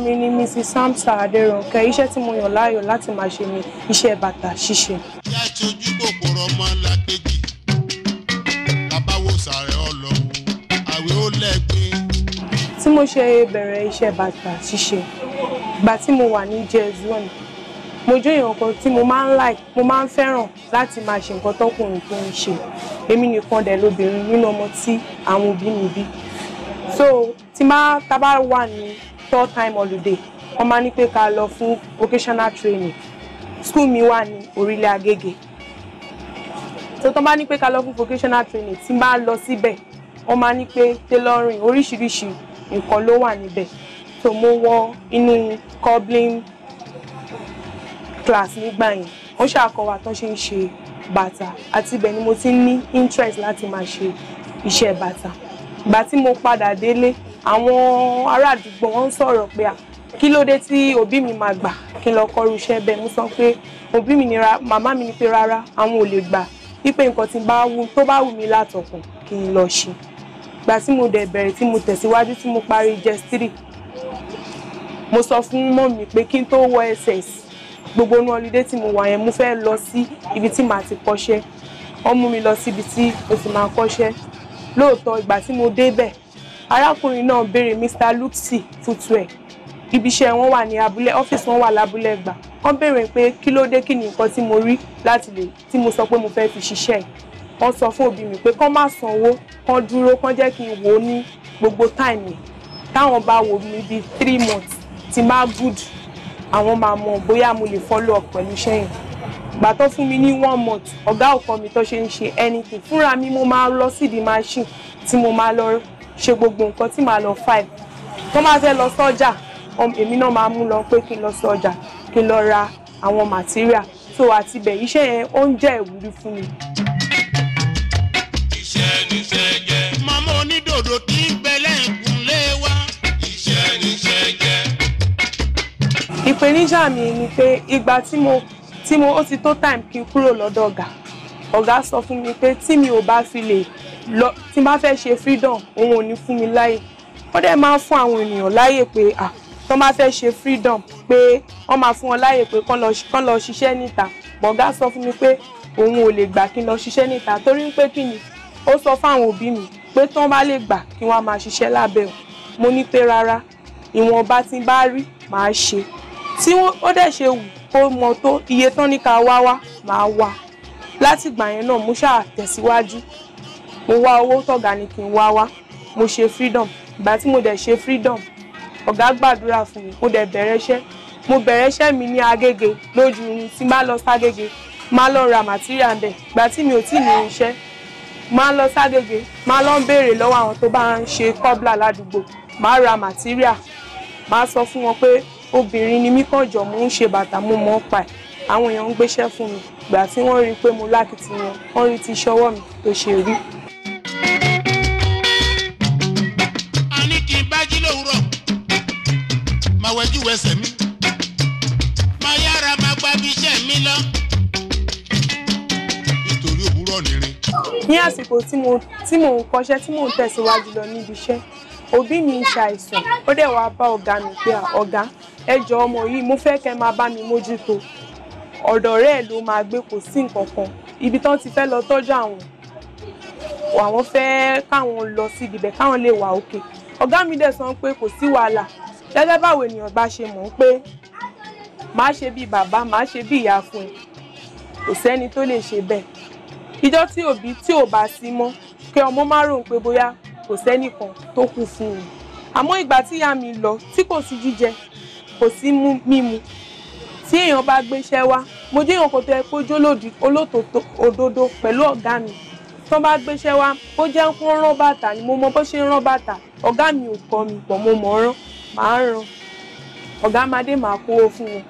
mi ni Mrs. Samsa Adérónkẹ́ iṣẹ́ tí mo yàn láàyò láti máa ṣe ni iṣẹ́ bàtà ṣíṣe. ìyá ìṣojú kòkòrò ọmọ làkejì bàbá wo sàrẹ̀ ọlọ́wọ́ àwẹ̀ ó lẹ́gbẹ́. tí mo ṣe bẹ̀rẹ̀ iṣẹ́ bàtà ṣíṣe ìgbà tí mo wà ní js one mo jó èèyàn kan tí mo máa ń like mo máa ń fẹ́ràn láti máa ṣe nǹkan tọkùnrin tó ń ṣe èmi nìkan dẹ̀ lóbìnrin nínú ọmọ tí àwọn òbí mi bí so tí má tá wà ní short time holiday wọ́n máa ní pé ká lọ fún vocational training school mi wà ní orílẹ̀ Agége tó tán bá ní pé ká lọ fún vocational training tí n bá lọ síbẹ̀ wọ́n máa ní pé tailoring oríṣiríṣi nǹkan ló wà níbẹ̀ tó mo wọ inú cobbling class nígbà yẹn wọ́n ṣàkọwà tán ṣe ń ṣe bàtà àti ibẹ̀ ni mo ti ní interest láti máa ṣe iṣẹ́ bàtà ìgbà tí mo padà délé àwọn ará àdúgbò wọn ń sọ̀rọ̀ pé à kí ló dé tí òbí mi máa gbà kí n lọ kọrú iṣẹ́ bẹ́ẹ̀ mo sọ pé òbí mi ni ra màmá mi ni pé rárá àwọn ò lè gbà wípé nǹkan tí bá wù tó bá wù mí látọkàn kí n lọ ṣe gbà tí mo dẹ̀ bẹ̀rẹ̀ tí mo tẹ̀síwájú tí mo parí jẹ́stírì mo sọ fún mọ́mì pé kí n tó wọ SS gbogbo inú ọlídé tí mo wà yẹn mo fẹ́ lọ sí ibi tí màá ti kọ́ṣẹ́ wọ́n mi lọ síbi tí mo sì máa kọ́ṣẹ́ lóòótọ́ ìgbà tí mo débẹ̀ arákùnrin náà béèrè Mr Lupsi footwear ibiṣẹ́ wọn wà ní abúlé ọ́fíìsì wọn wà lábúlé Ẹ̀gbá wọ́n béèrè pé kí ló dé kí ni nǹkan tí mo rí láti lè tí mo sọ pé mo fẹ́ fi ṣiṣẹ́ yìí wọ́n sọ fún òbí mi pé kán má sanwó kán dúró kán jẹ́ kí n wò ó ní gbogbo táìmì táwọn bá wò mí bíi three months ti má good àwọn máa mọ bóyá mo lè follow up pẹ̀lú iṣẹ́ yẹn gbà tó fún mi ní one month ọ̀gá ọ̀kan mi tó ṣe ń ṣe anything fúnra mi mo máa lọ sídìí machine tí mo máa lọ ṣe gbogbo nǹkan tí màá lọ fáì tó máa fẹ́ lọ sọ́jà èmi náà máa mú lọ pé kí n lọ sọ́jà kí n lọ ra àwọn màtíríà tó àti bẹ̀ iṣẹ́ yẹn ó ń jẹ́ ìwúrí fún mi. iṣẹ́ níṣẹ́ jẹ́. màmá onídòdó tí ń gbẹlẹ́ ìkúnlé wa. iṣẹ́ níṣẹ́ jẹ́. ìpèníjà mi ni pé ìgbà tí mo tí mo ó ti tó time kí n kúrò lọ́dọ̀ ọ̀gá ọ̀gá sọ fún mi pé tí mi ò bá fi lè lọ tí n bá fẹ́ ṣe freedom òun ò ní fún mi láyè ó dẹ̀ máa ń fún àwọn ènìyàn láyè pé à tó máa fẹ́ ṣe freedom pé wọ́n máa fún wọn láyè pé kán lọ ṣiṣẹ́ níta bọ̀gá sọ fún mi pé òun ò lè gbà kí n lọ ṣiṣẹ́ níta torí pé kí ni ó sọ fáwọn òbí mi pé tán bá lè gbà kí wọ́n á máa ṣiṣẹ́ lábẹ́ ò mo ní pé rárá ìwọ̀nba tí n bá rí màá ṣe tí ó dẹ̀ ṣe wù kó mọ tó iye tán ní ká wá wá màá wá látìgbà yẹn náà mo ṣáà tẹ̀síwájú mo wá owó tọ̀gá ni kí n wá wá mo ṣe freedom ìgbà tí mo dẹ̀ ṣe freedom ọ̀gá gbàdúrà fún mi mo dẹ̀ bẹ̀rẹ̀ iṣẹ́ mo bẹ̀rẹ̀ iṣẹ́ mi ní agége lójú irun tí bá lọ ságége máa lọ ra material bẹ̀ ìgbà tí mi ò tí ní iṣẹ́ máa lọ ságége máa lọ béèrè lọ́wọ́ àwọn tó bá ń ṣe kọ́bla ládùúgbò máa ra material máa sọ fún wọn pé obìnrin ni mí kànjọ mo ń ṣe bàtà mo mọ̀ ọ́ pa ẹ̀ àwọn èèyàn ń gbéṣẹ́ fún mi ìgbà tí wọ́n rí i pé mo lákìtì wọn wọ́n rí ti ṣọwọ́ mi tó ṣe rí. lójú ẹsẹ̀ mi. máa yára máa gba bí iṣẹ́ mi lọ. nítorí òwúrọ̀ nìrin. ní àsìkò tí mo tí mò ń kọṣẹ́ tí mò ń tẹ̀síwájú lọ níbi iṣẹ́ òbí mi ń ṣàìsàn ó dẹ̀ wá bá ọ̀gá mi pé ọ̀gá ẹ jọ ọmọ yìí mo fẹ́ kẹ́ máa bá mi mójútó ọ̀dọ̀ rẹ̀ ló máa gbé kò sí nǹkan kan ibi tán ti fẹ́ lọ tọ́jú àwọn àwọn fẹ́ káwọn lọ síbi bẹ̀ káwọn lè wà òkè ọ̀gá mi dẹ̀ sọ pé kò sí wàhálà gẹ́gẹ́ báwo ènìyàn bá ṣe mọ̀ pé màá ṣe bí bàbá màá ṣe bí ìyá fún un kò sẹ́ni tó lè ṣe bẹ́ẹ̀ ìjọ tí òbí tí ò bá sí mọ́ kí ọmọ má ròhùn pé bóyá kò sẹ́nìkan tó kú fún un àmọ́ ìgbà tí ìyá mi lọ tí kò sí jíjẹ kò sí mímu tí èèyàn bá gbéṣẹ́ wá mo jẹ́ èèyàn kò tó yẹ pé ojú olótòótọ́ òdodo pẹ̀lú ọ̀gá mi tó bá gbéṣẹ́ wá ó jẹ́ ń rán bàtà ni mo mọ bó ṣe ń rán bàtà ọ̀gá mi ò kọ́ mi pọ̀ mo mọ̀ ọ́n rán màá ràn ọ̀gá Madé màá kówó fún wọn.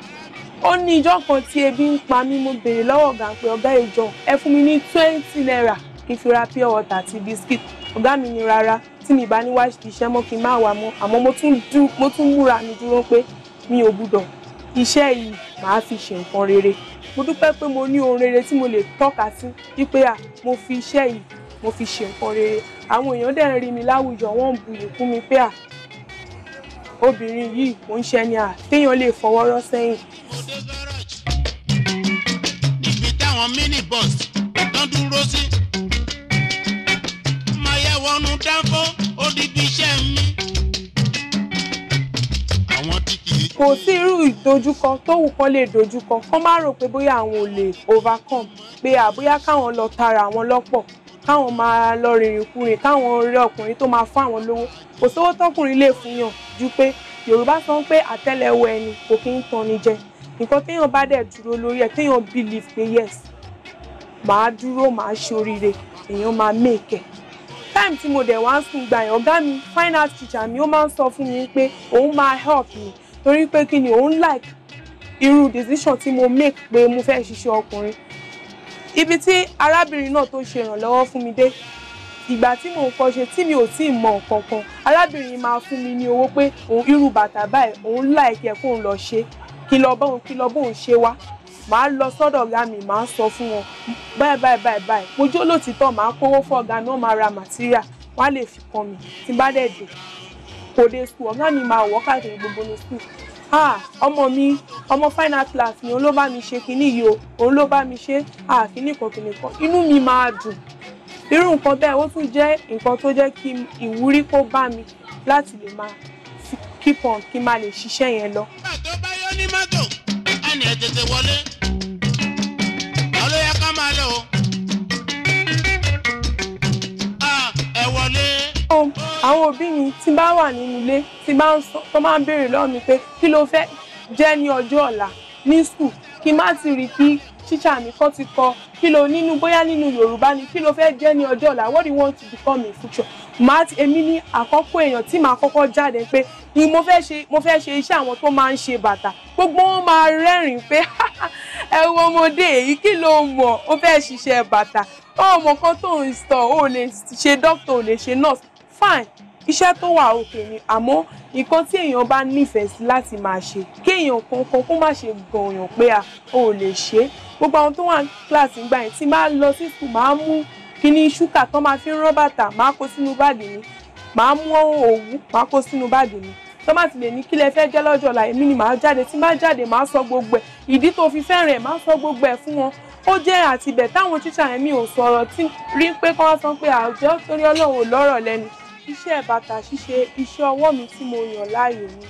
ó ní ìjọ́ kan tí ebi ń pa mí mo béèrè lọ́wọ́ ọ̀gá pé ọ̀gá ìjọ ẹ fún mi ní twenty naira kí pure water àti biscuit ọ̀gá mi ní rárá tí mi bá ní wá iṣẹ́ mọ́ kí n má wà mọ́ àmọ́ mo tún múra mi dúró pé mi ò gbúdọ̀ iṣẹ́ yìí màá fi ṣe nǹkan rere mo dúpẹ́ pé mo ní ohun rere tí mo lè tọ́ka sí wípé à mo fi iṣẹ́ yìí mo fi ṣe nǹkan rere àwọn èèyàn dẹ̀ ń rí mi láwùjọ wọ́n ń buyì fún mi pé à obìnrin yìí kò ń ṣẹni à téèyàn lè fọwọ́ rọ́ sẹ́yìn. níbi táwọn minibus tán dúró sí máa yẹ wọnú dáńfó odidi iṣẹ́ mi. kò sí irú ìdojúkọ tó wù kán lè dojúkọ kán má rò pé bóyá àwọn ò lè overcome pé àbóyá káwọn lọ tara àwọn lọ́pọ̀ káwọn máa lọ rìnrìn kùnrin káwọn rí ọkùnrin tó máa fún àwọn lówó kò sówó tọkùnrin lè fún yàn ju pé yorùbá sọ pé àtẹ́lẹwọ́ ẹni kò kí ń tanni jẹ nǹkan téèyàn bá dẹ̀ dúró lórí ẹ̀ téèyàn believe pé yes màá dúró màá ṣoríire èèyàn máa make ẹ̀ time tí mo dẹ̀ wá ń sùn gbà yẹn ọ̀gá mi fine art teacher mi ó máa ń sọ fún mi pé òun máa help mi torí pé kí ni òun like irú decision tí mo make pé mo fẹ́ ṣiṣẹ́ ọkùnrin ibi tí arábìnrin náà tó ṣe ìrànlọ́wọ́ fún mi dé ìgbà tí mò ń kọ́ṣe tí mi ò tí ì mọ nǹkan kan arábìnrin máa fún mi ní owó pé òun irú bàtà báyìí òun láìkẹ́ kóun lọ ṣe kí lọ bóun kí lọ bóun ṣe wá màá lọ sọ́dọ̀ ọ̀gá mi màá sọ fún wọn báyìí báyìí báyìí báyìí mo jó lòtítọ́ màá kówó fún ọ̀gá náà máa ra màtíríà wọ́n á lè fi kan mi tí bá dẹ̀ dé kò dé sùn ọ̀gá mi máa wọ́ káàkiri gbogbo ní sùn ah ọmọ mi ọmọ final class ni òun ló bá mi ṣe kinní yìí o òun ló bá mi ṣe àfinní kan kìnnì kan inú mi máa dùn irú nǹkan bẹ́ẹ̀ ó tún jẹ́ nǹkan tó jẹ́ kí ìwúrí kó bá mi láti lè máa keep on kí n máa lè ṣiṣẹ́ yẹn lọ. nígbà tó ní mọ́tò ẹnì ẹ̀ tètè wọlé ọlọ́yà ká máa lọ ah, ẹ wọlé àwọn òbí mi tí bá wà nínú ilé tí bá ń sọ tó máa ń béèrè lọ́wọ́ mi pé kí ló fẹ́ jẹ́ ní ọjọ́ ọ̀la ní skul kí má ti rí kí tíṣà mi kọ́ ti kọ kí ló nínú bóyá nínú Yorùbá ni kí ló fẹ́ jẹ́ ní ọjọ́ ọ̀la what do you want to become in future màá ti èmi ní àkọ́kọ́ èèyàn tí màá kọ́kọ́ jáde pé ni mo fẹ́ ṣe mo fẹ́ ṣe iṣẹ́ àwọn tó máa ń ṣe bàtà gbogbo wọn máa rẹ́rìn-ín pé ẹ wo ọmọdé èyí kí ló mọ̀ ó fẹ́ ṣiṣẹ́ bàtà ó mọ̀ kan tó ń sọ ó lè ṣe dókítà ó lè ṣe nurse fine iṣẹ́ tó wà òkè ni àmọ́ nǹkan tí èèyàn bá nífẹ̀ẹ́ sí láti máa ṣe kéèyàn kankan kó má ṣe gànyàn pé à ò lè ṣe é gbogbo àwọn tó wà ní kíláàsì ìgbà yẹn tí máa lọ sí sùn máa mú kíní ṣúkà tán máa fi ń rán bàtà máa kó sínú báàgì mi máa mú òwú máa kó sínú báàgì mi tó má ti lè ní kí fẹ́ jẹ́ lọ́jọ́ ọ̀la èmi ni màá jáde tí má jáde màá sọ gbogbo ẹ̀ ìdí tó fi fẹ́ràn ẹ̀ màá sọ gbogbo ẹ̀ fún wọn ó jẹ́ àtibẹ̀ táwọn tíṣà yẹn mi ò sọ̀rọ̀ tí rí pé kí wọ́n sọ pé àjọ torí ọlọ́run ò lọ́rọ̀ lẹ́nu iṣẹ́ bàtà ṣíṣe iṣẹ́ ọwọ́ mi tí mo yàn láàyò ni.